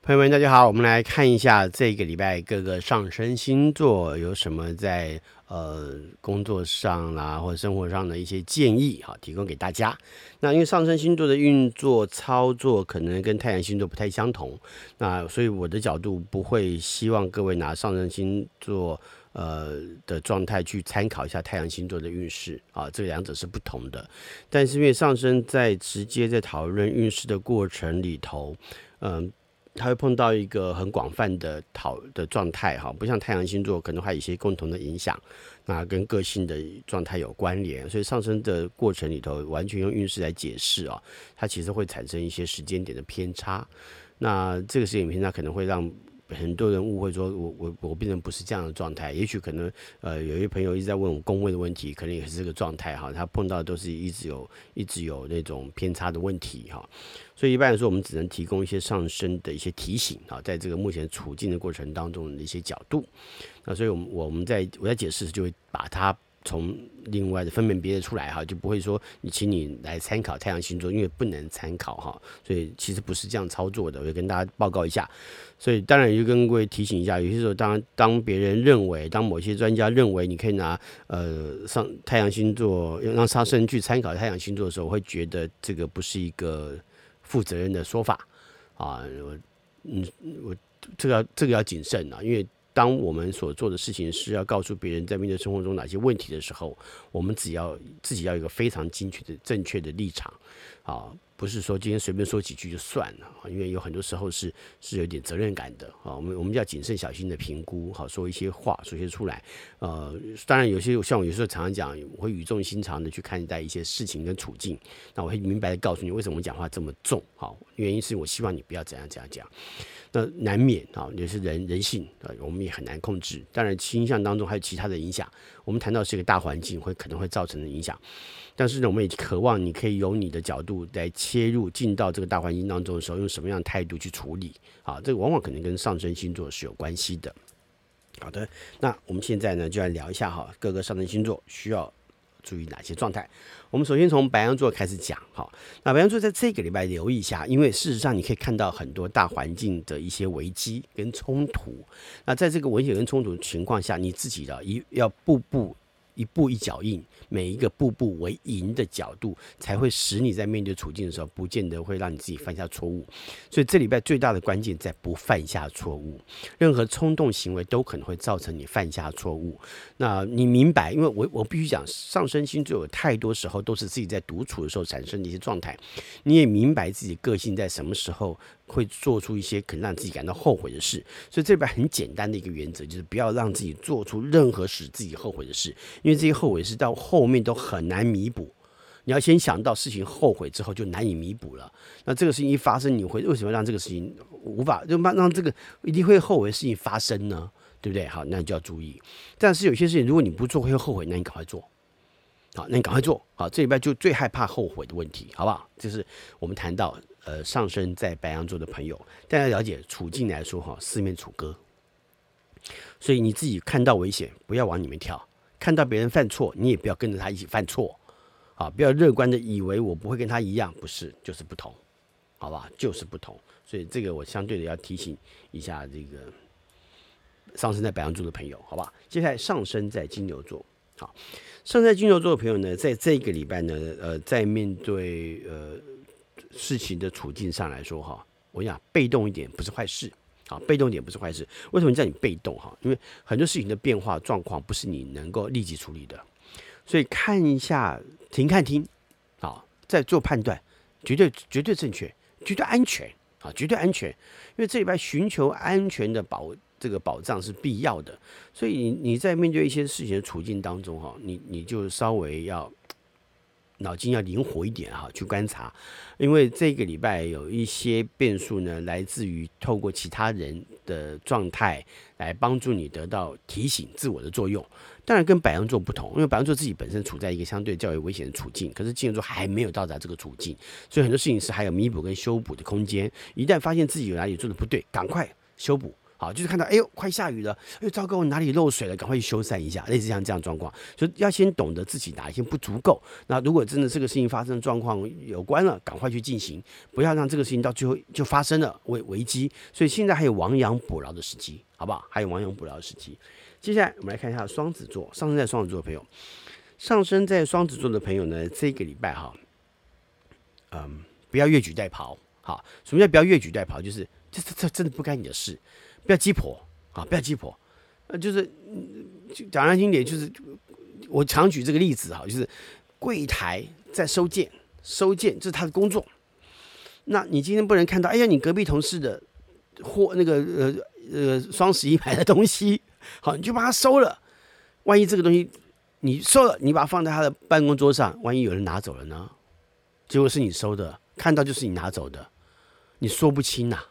朋友們，大家好，我們來看一下這個禮拜各個上升星座有什麼在呃工作上啦、啊，或者生活上的一些建議哈、啊，提供給大家。那因為上升星座的運作操作可能跟太陽星座不太相同，那所以我的角度不會希望各位拿上升星座呃的狀態去參考一下太陽星座的運勢啊，這兩者是不同的。但是因為上升在直接在討論運勢的過程裡頭，嗯、呃。它會碰到一個很廣泛的討的狀態哈，不像太陽星座可能還有一些共同的影響，那跟個性的狀態有關聯，所以上升的過程裡頭完全用運勢來解釋啊，它其實會產生一些時間點的偏差，那這個時間偏差可能會讓。很多人誤會說我，我我我病人不是這樣的狀態，也許可能，呃，有一些朋友一直在問我宮位的問題，可能也是這個狀態哈，他碰到的都是一直有一直有那種偏差的問題哈，所以一般來說，我們只能提供一些上升的一些提醒啊，在這個目前處境的過程當中的一些角度，那所以我們我們在我在解釋時就會把它。從另外的分辨別的出來哈，就不會說你請你來參考太陽星座，因為不能參考哈，所以其實不是這樣操作的。我也跟大家報告一下，所以當然也就跟各位提醒一下，有些時候當，當當別人認為，當某些專家認為你可以拿呃上太陽星座讓上升去參考太陽星座的時候，我會覺得這個不是一個負責任的說法啊我，嗯，我這個要這個要謹慎啊，因為。當我們所做的事情是要告訴別人在面對生活中哪些問題的時候，我們只要自己要有一個非常精確的正確的立場，啊。不是說今天隨便說幾句就算了，因為有很多時候是是有點責任感的啊，我們我們要謹慎小心的評估好說一些話說一些出來，呃，當然有些像我有時候常常講，我會語重心長的去看待一些事情跟處境，那我會明白的告訴你為什麼我講話這麼重，好，原因是我希望你不要怎樣怎樣講，那難免啊，有些人人性啊，我們也很難控制，當然傾向當中還有其他的影響。我們談到是一個大環境會可能會造成的影響，但是呢，我們也渴望你可以由你的角度來切入，進到這個大環境當中的時候，用什麼樣的態度去處理啊？這個往往可能跟上升星座是有關係的。好的，那我們現在呢，就來聊一下哈，各個上升星座需要。注意哪些狀態？我們首先從白羊座開始講哈。那白羊座在這個禮拜留意一下，因為事實上你可以看到很多大環境的一些危機跟衝突。那在這個危險跟衝突的情況下，你自己的要步步。一步一腳印，每一個步步為營的角度，才會使你在面對處境的時候，不見得會讓你自己犯下錯誤。所以這禮拜最大的關鍵在不犯下錯誤，任何衝動行為都可能會造成你犯下錯誤。那你明白？因為我我必須講，上升星座有太多時候都是自己在獨處的時候產生的一些狀態。你也明白自己個性在什麼時候，會做出一些可能讓自己感到後悔的事，所以這邊很簡單的一個原則就是不要讓自己做出任何使自己後悔的事，因為這些後悔事到後面都很難彌補。你要先想到事情後悔之後就難以彌補了，那這個事情一發生，你會為什麼讓這個事情無法就讓讓這個一定會後悔的事情發生呢？對不對？好，那你就要注意。但是有些事情如果你不做會後悔，那你趕快做，好，那你趕快做。好，這禮拜就最害怕後悔的問題，好不好？就是我們談到。呃，上升在白羊座的朋友，大家了解處境來說哈、哦，四面楚歌，所以你自己看到危險，不要往裡面跳。看到別人犯錯，你也不要跟着他一起犯錯，啊，不要樂觀的以為我不會跟他一樣，不是，就是不同，好吧？就是不同，所以這個我相對的要提醒一下這個上升在白羊座的朋友，好吧？接下來上升在金牛座，好，上升在金牛座的朋友呢，在這個禮拜呢，呃，在面對呃。事情的處境上來說，哈，我跟你講被動一點不是壞事，啊。被動一點不是壞事。為什麼叫你被動？哈，因為很多事情的變化狀況不是你能夠立即處理的，所以看一下停看聽，好，再做判斷，絕對絕對正確，絕對安全啊，絕對安全。因為這禮拜尋求安全的保這個保障是必要的，所以你你在面對一些事情的處境當中，哈，你你就稍微要。腦筋要靈活一點哈、啊，去觀察，因為這個禮拜有一些變數呢，來自於透過其他人的狀態來幫助你得到提醒自我的作用。當然跟白羊座不同，因為白羊座自己本身處在一個相對較為危險的處境，可是金牛座還沒有到達這個處境，所以很多事情是還有彌補跟修補的空間。一旦發現自己有哪裡做的不對，趕快修補。好，就是看到，哎呦，快下雨了，哎呦，糟糕，我哪裡漏水了，趕快去修繕一下，類似像這樣的狀況，所以要先懂得自己哪一些不足夠。那如果真的這個事情發生狀況有關了，趕快去進行，不要讓這個事情到最後就發生了危危機。所以現在還有亡羊補牢的時機，好不好？還有亡羊補牢的時機。接下來我們來看一下雙子座，上升在雙子座的朋友，上升在雙子座的朋友呢，這個禮拜哈，嗯，不要越俎代庖。好，什麼叫不要越俎代庖？就是這這這真的不該你的事。不要雞婆啊！不要雞婆，呃，就是講良心點，就是我常舉這個例子哈,就是櫃檯在收件，收件這是他的工作。那你今天不能看到，哎呀，你隔壁同事的貨，那個呃呃，雙十一買的東西，好，你就把它收了。萬一這個東西你收了，你把它放在他的辦公桌上，萬一有人拿走了呢？結果是你收的，看到就是你拿走的，你說不清吶、啊。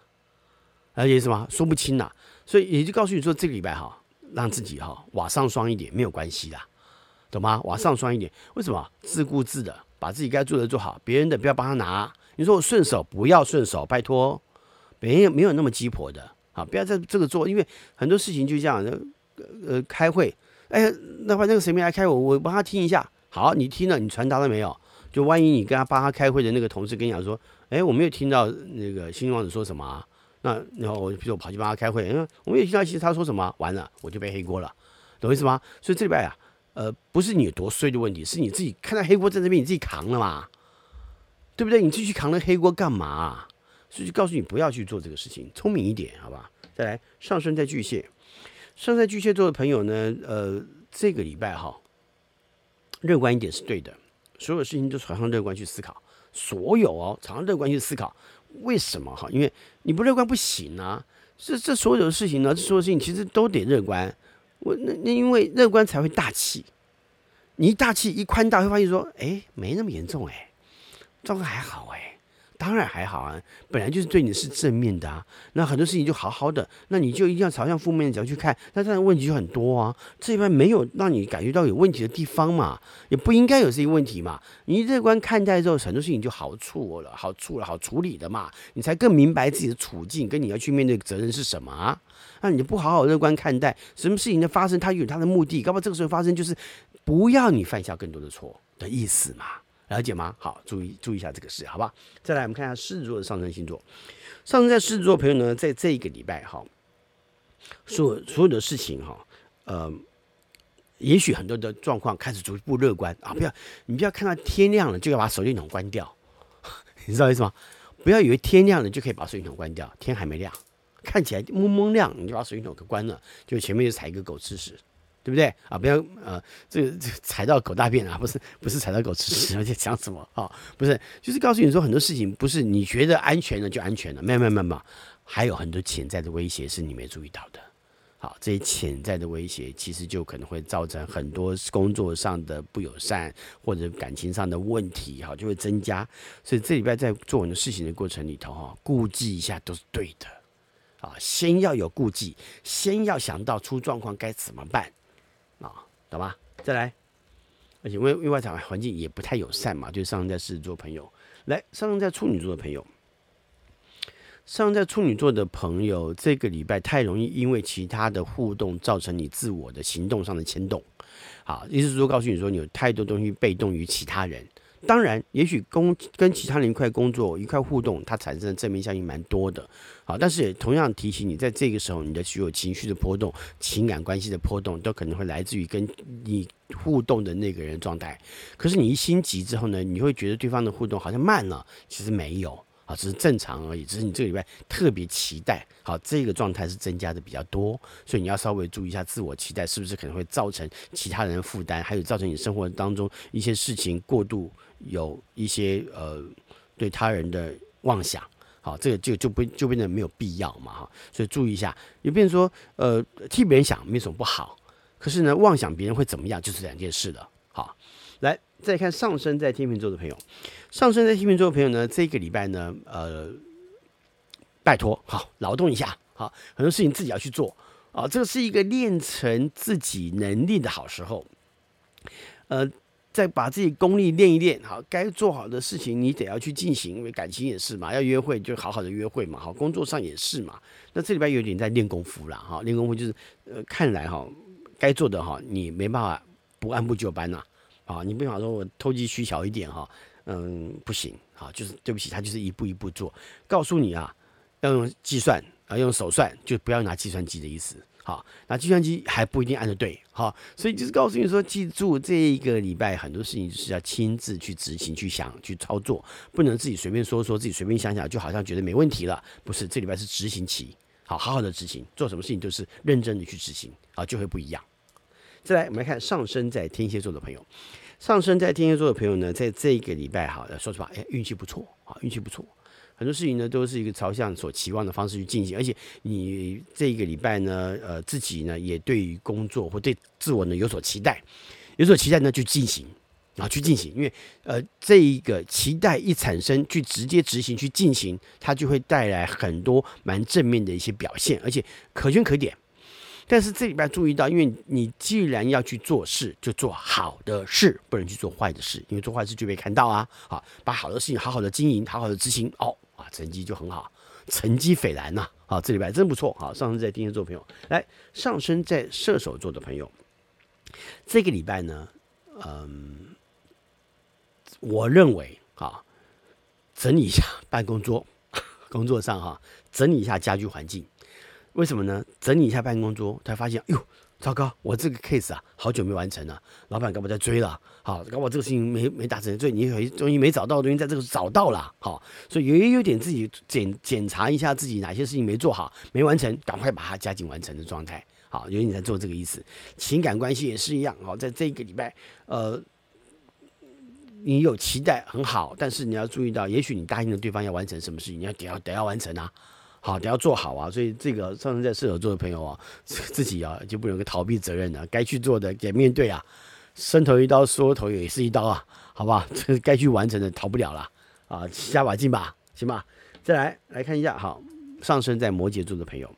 而且什麼說不清吶、啊，所以也就告訴你說，這個禮拜哈，讓自己哈往上雙一點沒有關係的，懂嗎？往上雙一點，為什麼？自顧自的把自己該做的做好，別人的不要幫他拿。你說我順手不要順手，拜託，別人沒有那麼雞婆的啊！不要在這個做，因為很多事情就這樣，呃呃，開會，哎，那會那個誰沒來開我，我幫他聽一下。好，你聽了，你傳達了沒有？就萬一你跟他幫他開會的那個同事跟你講說，哎，我沒有聽到那個星星王子說什麼、啊。那然後我，比如說我跑去幫他開會，因、嗯、為我們也聽到，其實他說什麼完了，我就背黑鍋了，懂意思嗎？所以這禮拜啊，呃，不是你有多衰的問題，是你自己看到黑鍋在那邊，你自己扛了嘛，對不對？你自己去扛那黑鍋幹嘛？所以就告訴你不要去做這個事情，聰明一點，好吧？再來上升在巨蟹，上升在巨蟹座的朋友呢，呃，這個禮拜哈、哦，樂觀一點是對的，所有事情都朝向樂觀去思考，所有哦，朝向樂觀去思考。為什麼哈？因為你不樂觀不行啊！這這所有的事情呢，這所有事情其實都得樂觀。我那那因為樂觀才會大氣，你一大氣一寬大，會發現說，哎，沒那麼嚴重哎，狀況還好哎。當然還好啊，本來就是對你是正面的啊。那很多事情就好好的，那你就一定要朝向負面的角度去看，那當然問題就很多啊。這邊沒有讓你感覺到有問題的地方嘛，也不應該有這些問題嘛。你一樂觀看待之後，很多事情就好處了，好處了，好處理的嘛。你才更明白自己的處境跟你要去面對的責任是什麼啊。那你就不好好的樂觀看待，什麼事情的發生，它有它的目的，剛剛這個時候發生就是不要你犯下更多的錯的意思嘛。了解嗎？好，注意注意一下這個事，好吧？再來，我們看一下獅子座的上升星座。上升在獅子座的朋友呢，在這一個禮拜，哈，所所有的事情，哈，呃，也許很多的狀況開始逐步樂觀啊！不要，你不要看到天亮了就要把手電筒關掉，你知道意思嗎？不要以為天亮了就可以把手電筒關掉，天還沒亮，看起來蒙蒙亮，你就把手電筒給關了，就前面就踩一個狗吃屎。對不對啊？不要呃，這個踩到狗大便啊，不是不是踩到狗吃屎，而且講什麼啊、哦？不是，就是告訴你說很多事情不是你覺得安全了就安全了，沒有沒有沒有，還有很多潛在的威脅是你沒注意到的。好、哦，這些潛在的威脅其實就可能會造成很多工作上的不友善或者感情上的問題，好、哦，就會增加。所以這禮拜在做很多事情的過程裡頭，哈、哦，顧忌一下都是對的，啊、哦，先要有顧忌，先要想到出狀況該怎麼辦。懂吧？再來，而且外外場環境也不太友善嘛。就上升在獅子座朋友，來上升在處女座的朋友，上升在處女座的朋友，這個禮拜太容易因為其他的互動造成你自我的行動上的牽動。好，意思說告訴你說，你有太多東西被動於其他人。當然，也許工、跟，跟其他人一塊工作一塊互動，它產生的正面效應蠻多的，好，但是也同樣提醒你，在這個時候，你的所有情緒的波動、情感關係的波動，都可能會來自於跟你互動的那個人的狀態。可是你一心急之後呢，你會覺得對方的互動好像慢了，其實沒有。啊，只是正常而已，只是你這個禮拜特別期待，好，這個狀態是增加的比較多，所以你要稍微注意一下自我期待是不是可能會造成其他人的負擔，還有造成你生活當中一些事情過度有一些呃對他人的妄想，好，這個就就不就變得沒有必要嘛哈，所以注意一下，有變成說呃替別人想沒什麼不好，可是呢妄想別人會怎麼樣就是兩件事了，好，來。再看上升在天秤座的朋友，上升在天秤座的朋友呢，這個禮拜呢，呃，拜託，好，勞動一下，好，很多事情自己要去做啊、哦，這是一個練成自己能力的好時候，呃，再把自己功力練一練，好，該做好的事情你得要去進行，因為感情也是嘛，要約會就好好的約會嘛，好，工作上也是嘛，那這禮拜有點在練功夫了哈、哦，練功夫就是，呃，看來哈、哦，該做的哈、哦，你沒辦法不按部就班吶、啊。啊、哦，你不想說我投機取巧一點哈、哦？嗯，不行，啊、哦，就是對不起，他就是一步一步做，告訴你啊，要用計算，要、呃、用手算，就不要拿計算機的意思。好、哦，拿計算機還不一定按得對。好、哦，所以就是告訴你說，記住這一個禮拜很多事情就是要親自去執行、去想、去操作，不能自己隨便說說，自己隨便想想，就好像覺得沒問題了。不是，這禮拜是執行期，好、哦、好好的執行，做什麼事情都是認真的去執行，啊、哦，就會不一樣。再來，我們來看上升在天蠍座的朋友。上升在天蠍座的朋友呢，在這一個禮拜，哈，說實話，哎，運氣不錯啊，運氣不錯。很多事情呢，都是一個朝向所期望的方式去進行，而且你這一個禮拜呢，呃，自己呢也對於工作或對自我呢有所期待，有所期待呢去進行，啊，去進行，因為呃，這一個期待一產生，去直接執行去進行，它就會帶來很多蠻正面的一些表現，而且可圈可點。但是這禮拜注意到，因為你既然要去做事，就做好的事，不能去做壞的事，因為做壞事就被看到啊。好，把好的事情好好的經營，好好的執行，哦，啊，成績就很好，成績斐然吶。啊，這禮拜真不錯。好，上升在天蠍座朋友，來上升在射手座的朋友，這個禮拜呢，嗯，我認為啊，整理一下辦公桌，工作上哈，整理一下家居環境。為什麼呢？整理一下辦公桌，才發現，喲，糟糕，我這個 case 啊，好久沒完成了，老闆給我在追了。好，搞我這個事情沒沒達成，所以你終於沒找到的東西，在這個時候找到了。好，所以也有點自己檢檢查一下自己哪些事情沒做好、沒完成，趕快把它加緊完成的狀態。好，有你在做這個意思。情感關係也是一樣。好，在這一個禮拜，呃，你有期待很好，但是你要注意到，也許你答應了對方要完成什麼事情，你要得要得要完成啊。好，你要做好啊！所以這個上升在射手座的朋友哦、啊，自己啊就不能夠逃避責任了、啊，該去做的得面對啊，伸頭一刀縮頭也是一刀啊，好不好？這該去完成的逃不了了啊，加把勁吧，行吧？再來來看一下，好，上升在摩羯座的朋友，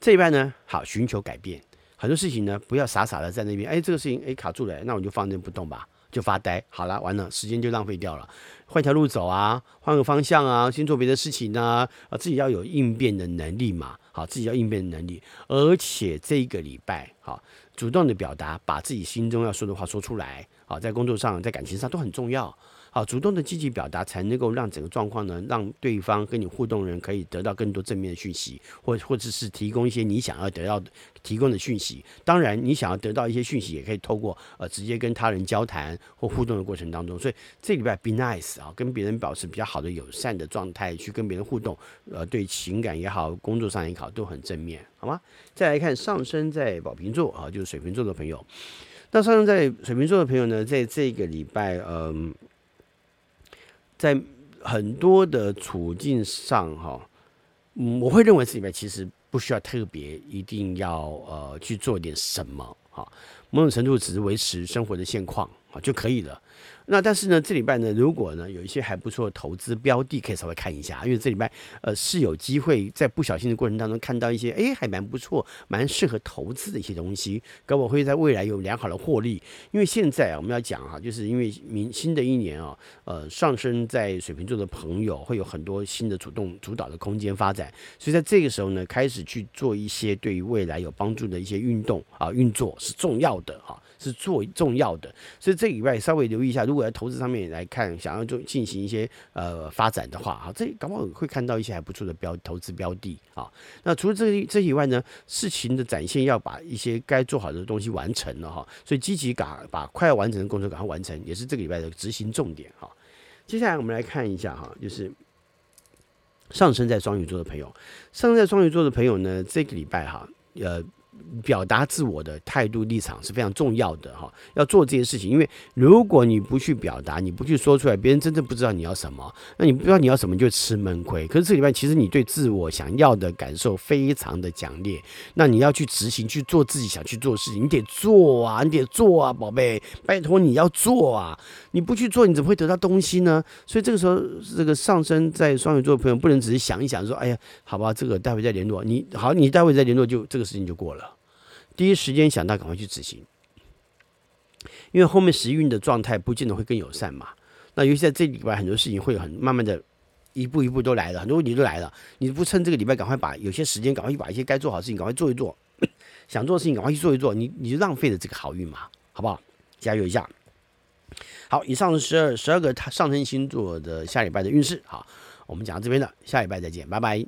這一半呢，好尋求改變，很多事情呢，不要傻傻的在那邊，哎，這個事情哎卡住了，那我就放那不動吧。就發呆，好了，完了，時間就浪費掉了。換條路走啊，換個方向啊，先做別的事情啊。啊，自己要有應變的能力嘛。好，自己要應變的能力。而且這一個禮拜，好，主動的表達，把自己心中要說的話說出來，好，在工作上，在感情上都很重要。啊，主動的積極表達才能夠讓整個狀況呢，讓對方跟你互動的人可以得到更多正面的訊息，或或者是提供一些你想要得到的提供的訊息。當然，你想要得到一些訊息，也可以透過呃直接跟他人交談或互動的過程當中。所以這禮拜 be nice 啊、哦，跟別人保持比較好的友善的狀態去跟別人互動，呃，對情感也好，工作上也好，都很正面，好嗎？再來看上升在寶瓶座啊、呃，就是水瓶座的朋友。那上升在水瓶座的朋友呢，在這個禮拜，嗯、呃。在很多的處境上，哈，我會認為這裡面其實不需要特別一定要呃去做一點什麼，哈，某種程度只是維持生活的現況啊，就可以了。那但是呢，這禮拜呢，如果呢有一些還不錯的投資標的，可以稍微看一下，因為這禮拜呃是有機會在不小心的過程當中看到一些，哎，還蠻不錯，蠻適合投資的一些東西，可能會在未來有良好的獲利。因為現在啊，我們要講哈、啊，就是因為明新的一年啊，呃，上升在水瓶座的朋友會有很多新的主動主導的空間發展，所以在這個時候呢，開始去做一些對於未來有幫助的一些運動啊運作是重要的啊，是做重要的。所以這禮拜稍微留意一下，如在投資上面來看，想要做進行一些呃發展的話，哈，這搞不好會看到一些還不錯的標投資標的啊。那除了這個、這以外呢，事情的展現要把一些該做好的東西完成了哈。所以積極趕把快要完成的工作趕快完成，也是這個禮拜的執行重點哈。接下來我們來看一下哈，就是上升在雙魚座的朋友，上升在雙魚座的朋友呢，這個禮拜哈，呃。表達自我的態度立場是非常重要的哈，哦，要做這些事情，因為如果你不去表達，你不去說出來，別人真正不知道你要什麼，那你不知道你要什麼就吃悶虧。可是這個禮拜其實你對自我想要的感受非常的強烈，那你要去執行去做自己想去做的事情，你得做啊，你得做啊，寶貝，拜託你要做啊，你不去做你怎麼會得到東西呢？所以這個時候，這個上升在雙魚座的朋友不能只是想一想說，哎呀，好吧，這個待會再聯絡，你好，你待會再聯絡就這個事情就過了。第一時間想到趕快去執行，因為後面時運的狀態不見得會更友善嘛。那尤其在這禮拜很多事情會很慢慢的一步一步都來了，很多問題都來了。你不趁這個禮拜趕快把有些時間趕快去把一些該做好的事情趕快做一做，想做的事情趕快去做一做，你你就浪費了這個好運嘛，好不好？加油一下。好，以上是十二十二個上升星座的下禮拜的運勢，好，我們講到這邊了，下禮拜再見，拜拜。